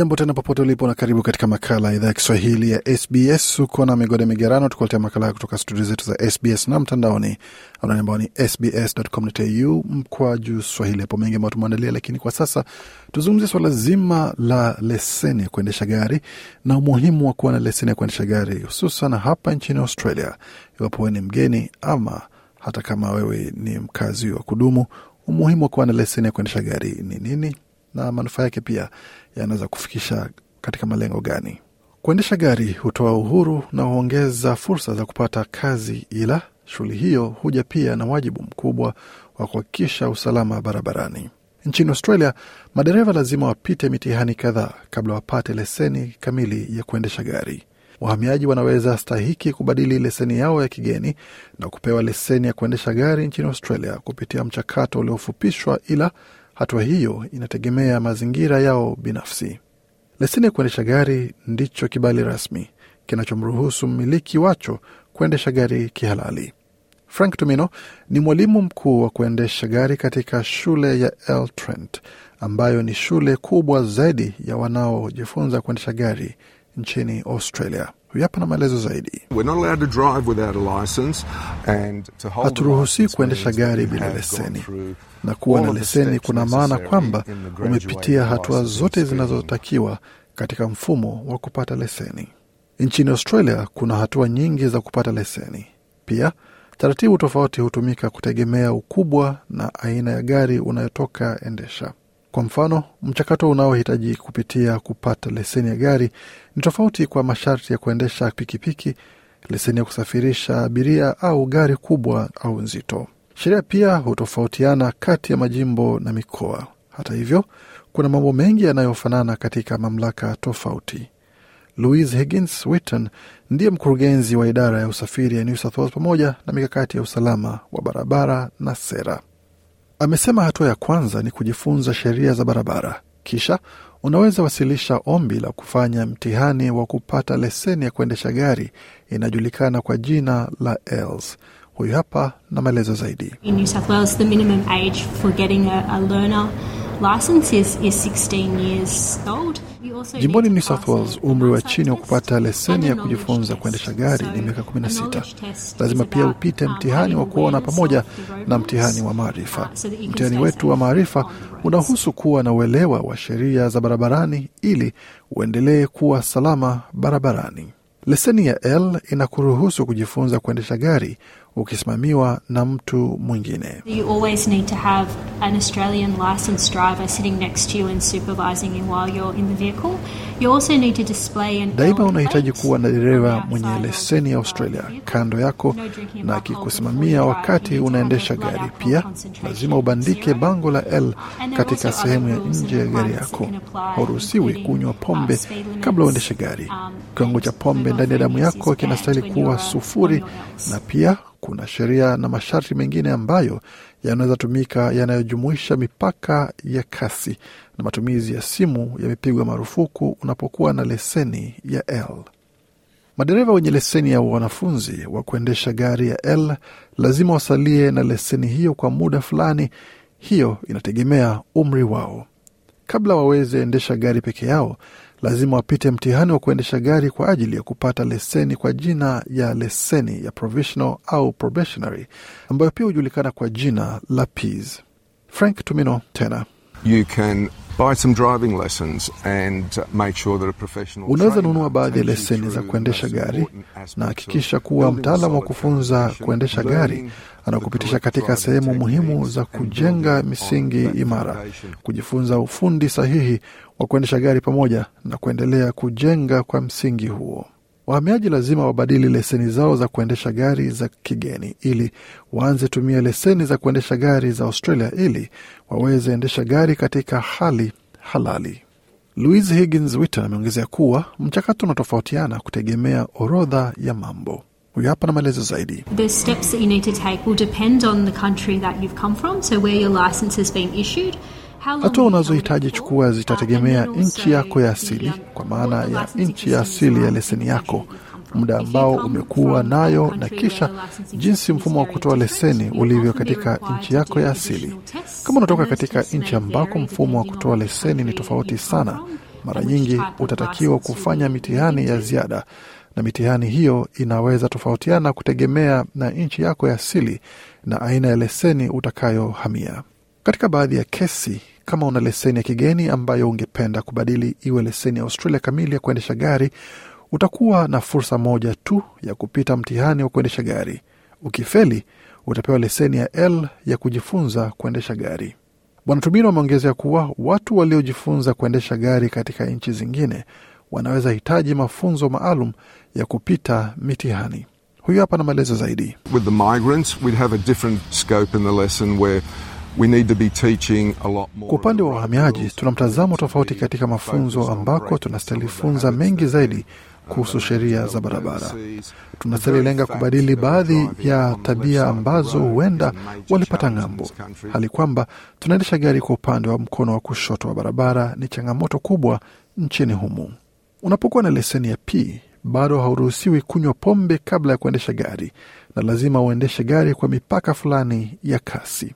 jambo tena popote ulipo na karibu katika makala ya idhaa ya Kiswahili ya SBS. Uko na migode migerano, tukuletea makala kutoka studio zetu za SBS na mtandaoni, anwani ambao ni sbs.com.au mkwa juu swahili. Hapo mengi ambayo tumeandalia, lakini kwa sasa tuzungumzie swala zima la leseni ya kuendesha gari na umuhimu wa kuwa na leseni ya kuendesha gari, hususan hapa nchini Australia, iwapo wewe ni mgeni ama hata kama wewe ni mkazi wa kudumu. Umuhimu wa kuwa na leseni ya kuendesha gari ni nini? na manufaa yake pia yanaweza kufikisha katika malengo gani. Kuendesha gari hutoa uhuru na huongeza fursa za kupata kazi, ila shughuli hiyo huja pia na wajibu mkubwa wa kuhakikisha usalama barabarani. Nchini Australia, madereva lazima wapite mitihani kadhaa kabla wapate leseni kamili ya kuendesha gari. Wahamiaji wanaweza stahiki kubadili leseni yao ya kigeni na kupewa leseni ya kuendesha gari nchini Australia kupitia mchakato uliofupishwa, ila Hatua hiyo inategemea mazingira yao binafsi. Leseni ya kuendesha gari ndicho kibali rasmi kinachomruhusu mmiliki wacho kuendesha gari kihalali. Frank Tumino ni mwalimu mkuu wa kuendesha gari katika shule ya El Trent ambayo ni shule kubwa zaidi ya wanaojifunza kuendesha gari nchini Australia. Huyu hapa na maelezo zaidi. Haturuhusii kuendesha gari bila leseni, na kuwa na leseni kuna maana kwamba umepitia hatua zote zinazotakiwa katika mfumo wa kupata leseni. Nchini Australia kuna hatua nyingi za kupata leseni. Pia taratibu tofauti hutumika kutegemea ukubwa na aina ya gari unayotoka endesha. Kwa mfano, mchakato unaohitaji kupitia kupata leseni ya gari ni tofauti kwa masharti ya kuendesha pikipiki, leseni ya kusafirisha abiria au gari kubwa au nzito. Sheria pia hutofautiana kati ya majimbo na mikoa. Hata hivyo, kuna mambo mengi yanayofanana katika mamlaka tofauti. Louise Higgins Witton ndiye mkurugenzi wa idara ya usafiri ya New South Wales pamoja na mikakati ya usalama wa barabara na sera. Amesema hatua ya kwanza ni kujifunza sheria za barabara, kisha unaweza wasilisha ombi la kufanya mtihani wa kupata leseni ya kuendesha gari inayojulikana kwa jina la els Huyu hapa na maelezo zaidi. Jimboni New South Wales, umri wa chini wa kupata leseni ya kujifunza kuendesha gari ni miaka 16. Lazima pia upite mtihani wa kuona pamoja na mtihani wa maarifa. Mtihani wetu wa maarifa unahusu kuwa na uelewa wa sheria za barabarani ili uendelee kuwa salama barabarani. Leseni ya L inakuruhusu kujifunza kuendesha gari ukisimamiwa na mtu mwingine. Daima unahitaji kuwa na dereva mwenye leseni ya Australia kando yako na akikusimamia wakati unaendesha gari. Pia lazima ubandike bango la L katika sehemu ya nje ya gari yako. Hauruhusiwi kunywa pombe kabla uendeshe gari. Um, Kiwango cha pombe ndani ya damu yako kinastahili kuwa uh, sufuri, na pia kuna sheria na masharti mengine ambayo yanaweza tumika yanayojumuisha mipaka ya kasi na matumizi ya simu yamepigwa marufuku unapokuwa na leseni ya L. Madereva wenye leseni ya wanafunzi wa kuendesha gari ya L lazima wasalie na leseni hiyo kwa muda fulani. Hiyo inategemea umri wao. Kabla waweze endesha gari peke yao, lazima wapite mtihani wa kuendesha gari kwa ajili ya kupata leseni kwa jina ya leseni ya provisional au probationary ambayo pia hujulikana kwa jina la PIS. Frank Tumino tena. You can Unaweza nunua baadhi ya leseni za kuendesha gari na hakikisha kuwa mtaalamu wa kufunza kuendesha gari anakupitisha katika sehemu muhimu za kujenga misingi imara, kujifunza ufundi sahihi wa kuendesha gari pamoja na kuendelea kujenga kwa msingi huo. Wahamiaji lazima wabadili leseni zao za kuendesha gari za kigeni ili waanze tumia leseni za kuendesha gari za Australia ili waweze endesha gari katika hali halali. Louise Higgins Witter ameongezea kuwa mchakato unatofautiana kutegemea orodha ya mambo. Huyu hapa na maelezo zaidi. So Hatua unazohitaji chukua zitategemea nchi yako ya asili, kwa maana ya nchi ya asili ya leseni yako, muda ambao umekuwa nayo, na kisha jinsi mfumo wa kutoa leseni ulivyo katika nchi yako ya asili. Kama unatoka katika nchi ambako mfumo wa kutoa leseni ni tofauti sana, mara nyingi utatakiwa kufanya mitihani ya ziada, na mitihani hiyo inaweza tofautiana kutegemea na nchi yako ya asili na aina ya leseni utakayohamia. Katika baadhi ya kesi, kama una leseni ya kigeni ambayo ungependa kubadili iwe leseni ya Australia kamili ya kuendesha gari, utakuwa na fursa moja tu ya kupita mtihani wa kuendesha gari. Ukifeli, utapewa leseni ya L ya kujifunza kuendesha gari. Bwana Tumino ameongezea kuwa watu waliojifunza kuendesha gari katika nchi zingine wanaweza hitaji mafunzo maalum ya kupita mitihani. Huyu hapa na maelezo zaidi. With the migrants, we'd have a different scope in the lesson where kwa upande wa wahamiaji, tuna mtazamo tofauti katika mafunzo ambako tunastahili funza mengi zaidi kuhusu sheria za barabara. Tunastahili lenga kubadili baadhi ya tabia ambazo huenda walipata ng'ambo, hali kwamba tunaendesha gari kwa upande wa mkono wa kushoto wa barabara ni changamoto kubwa nchini humu. Unapokuwa na leseni ya P bado hauruhusiwi kunywa pombe kabla ya kuendesha gari na lazima uendeshe gari kwa mipaka fulani ya kasi.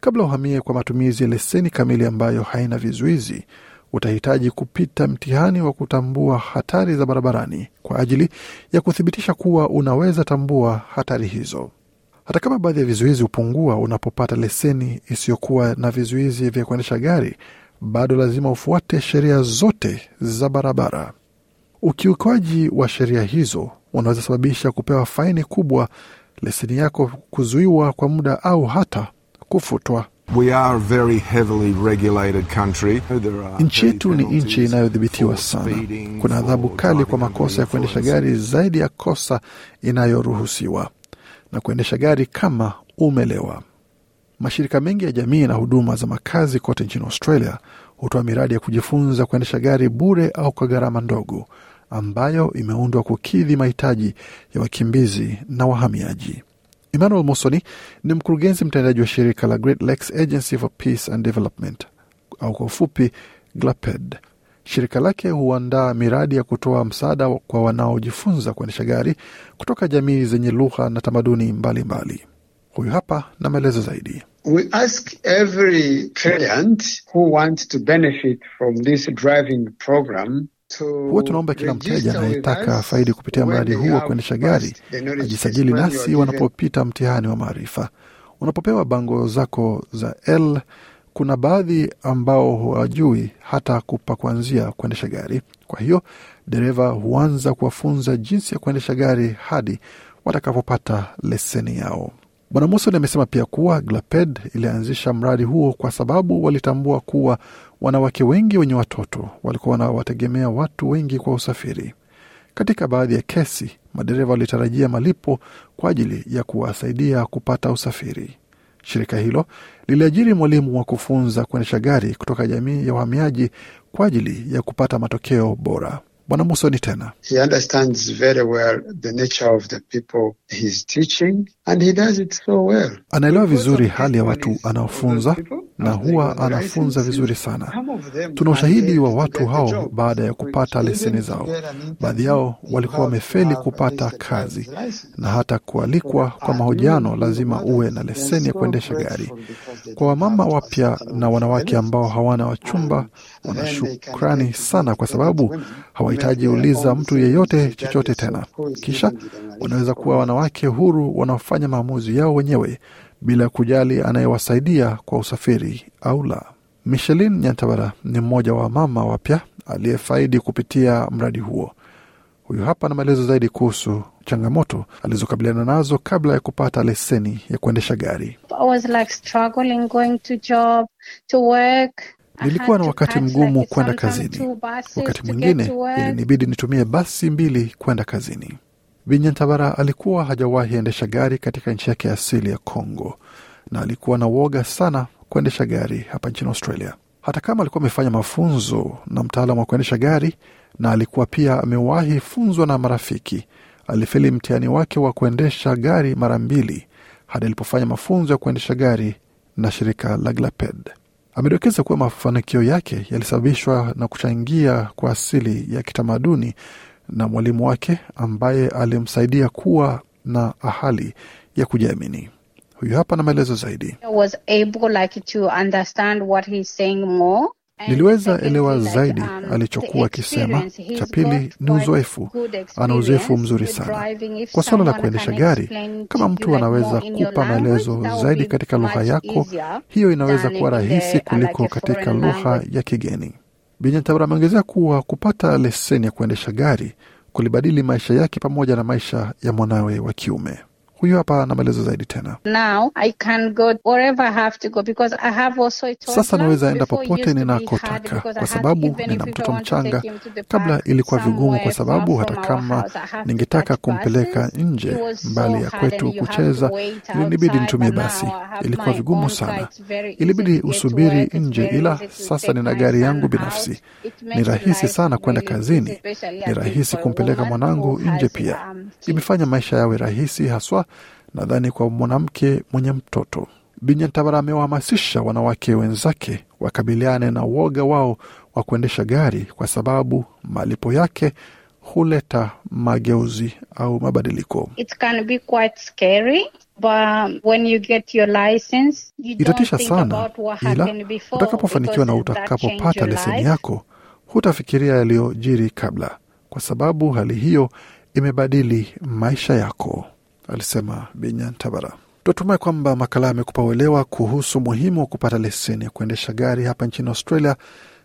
Kabla uhamie kwa matumizi ya leseni kamili ambayo haina vizuizi, utahitaji kupita mtihani wa kutambua hatari za barabarani kwa ajili ya kuthibitisha kuwa unaweza tambua hatari hizo. Hata kama baadhi ya vizuizi hupungua unapopata leseni isiyokuwa na vizuizi vya kuendesha gari, bado lazima ufuate sheria zote za barabara. Ukiukaji wa sheria hizo unaweza sababisha kupewa faini kubwa, leseni yako kuzuiwa kwa muda au hata kufutwa. Nchi yetu ni nchi inayodhibitiwa sana. Kuna adhabu kali kwa makosa ya kuendesha gari zaidi ya kosa inayoruhusiwa na kuendesha gari kama umelewa. Mashirika mengi ya jamii na huduma za makazi kote nchini Australia hutoa miradi ya kujifunza kuendesha gari bure au kwa gharama ndogo ambayo imeundwa kukidhi mahitaji ya wakimbizi na wahamiaji. Emmanuel Mosoni ni mkurugenzi mtendaji wa shirika la Great Lakes Agency for Peace and Development au kwa ufupi GLAPED. Shirika lake huandaa miradi ya kutoa msaada kwa wanaojifunza kuendesha gari kutoka jamii zenye lugha na tamaduni mbalimbali. Huyu hapa na maelezo zaidi. We ask every client who wants to benefit from this driving program Huwa tunaomba kila mteja anayetaka faidi kupitia mradi huu wa kuendesha gari ajisajili nasi wanapopita mtihani wa maarifa. Unapopewa bango zako za L, kuna baadhi ambao hawajui hata kupa kuanzia kuendesha gari. Kwa hiyo dereva huanza kuwafunza jinsi ya kuendesha gari hadi watakapopata leseni yao. Bwana Musoni amesema pia kuwa Glaped ilianzisha mradi huo kwa sababu walitambua kuwa Wanawake wengi wenye watoto walikuwa wanawategemea watu wengi kwa usafiri. Katika baadhi ya kesi, madereva walitarajia malipo kwa ajili ya kuwasaidia kupata usafiri. Shirika hilo liliajiri mwalimu wa kufunza kuendesha gari kutoka jamii ya wahamiaji kwa ajili ya kupata matokeo bora. Bwana Musoni tena anaelewa vizuri hali ya watu anaofunza na huwa anafunza vizuri sana. Tuna ushahidi wa watu hao baada ya kupata leseni zao. Baadhi yao walikuwa wamefeli kupata kazi, na hata kualikwa kwa mahojiano lazima uwe na leseni ya kuendesha gari. Kwa wamama wapya na wanawake ambao hawana wachumba, wanashukrani sana kwa sababu hawa uliza mtu yeyote chochote tena. Kisha wanaweza kuwa wanawake huru wanaofanya maamuzi yao wenyewe bila kujali anayewasaidia kwa usafiri au la. Michelin Nyantabara ni mmoja wa mama wapya aliyefaidi kupitia mradi huo. Huyu hapa na maelezo zaidi kuhusu changamoto alizokabiliana nazo kabla ya kupata leseni ya kuendesha gari. I was like struggling going to job to work Nilikuwa na wakati mgumu kwenda kazini. Wakati mwingine ilinibidi nitumie basi mbili kwenda kazini. Vinyantabara alikuwa hajawahi endesha gari katika nchi yake asili ya Kongo na alikuwa na woga sana kuendesha gari hapa nchini Australia, hata kama alikuwa amefanya mafunzo na mtaalamu wa kuendesha gari na alikuwa pia amewahi funzwa na marafiki. Alifeli mtihani wake wa kuendesha gari mara mbili hadi alipofanya mafunzo ya kuendesha gari na shirika la Glaped. Amedokeza kuwa mafanikio yake yalisababishwa na kuchangia kwa asili ya kitamaduni na mwalimu wake ambaye alimsaidia kuwa na ahali ya kujiamini. Huyu hapa na maelezo zaidi. Was able, like, to understand what he's saying more Niliweza elewa zaidi um, alichokuwa akisema. Cha pili ni uzoefu, ana uzoefu mzuri sana kwa suala la kuendesha gari. Kama mtu anaweza kupa maelezo zaidi katika lugha yako, hiyo inaweza kuwa rahisi kuliko katika lugha ya kigeni. Binyantabura ameongezea kuwa kupata leseni ya kuendesha gari kulibadili maisha yake pamoja na maisha ya mwanawe wa kiume. Huyu hapa na maelezo zaidi tena. Now I can go wherever I have to go because I have also a toddler. Sasa naweza enda popote ninakotaka kwa sababu nina mtoto mchanga. Kabla ilikuwa vigumu, kwa sababu hata kama ningetaka kumpeleka nje mbali ya kwetu kucheza, ilinibidi nitumie basi. Ilikuwa vigumu sana, ilibidi usubiri nje, ila sasa nina gari yangu binafsi. Ni rahisi sana kwenda kazini, ni rahisi kumpeleka mwanangu nje pia. Imefanya maisha yawe rahisi haswa nadhani kwa mwanamke mwenye mtoto. Binyantabara amewahamasisha wanawake wenzake wakabiliane na uoga wao wa kuendesha gari kwa sababu malipo yake huleta mageuzi au mabadiliko. itatisha sana, ila utakapofanikiwa na utakapopata leseni yako hutafikiria yaliyojiri kabla, kwa sababu hali hiyo imebadili maisha yako alisema Binyantabara. Tunatumai kwamba makala amekupa uelewa kuhusu umuhimu wa kupata leseni ya kuendesha gari hapa nchini Australia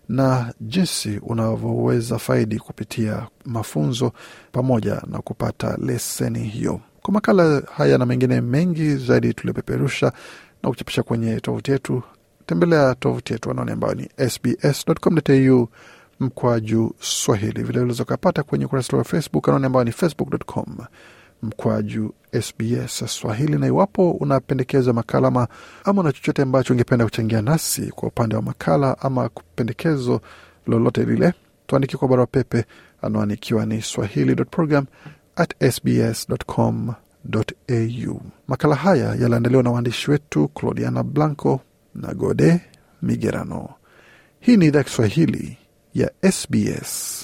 na jinsi unavyoweza faidi kupitia mafunzo pamoja na kupata leseni hiyo. Kwa makala haya na mengine mengi zaidi tuliopeperusha na kuchapisha kwenye tovuti yetu, tembelea tovuti yetu anaoni ambayo ni sbs.com.au mkwaju Swahili. Vilevile uzakapata kwenye ukurasa wa Facebook anaoni ambayo ni facebook.com mkwaju SBS Swahili, na iwapo unapendekeza makala ama, ama una chochote ambacho ungependa kuchangia nasi kwa upande wa makala ama pendekezo lolote lile, tuandike kwa barua pepe, anwani ikiwa ni swahili.program@sbs.com.au. Makala haya yaliandaliwa na waandishi wetu Claudiana Blanco na Gode Migerano. Hii ni idhaa Kiswahili ya SBS.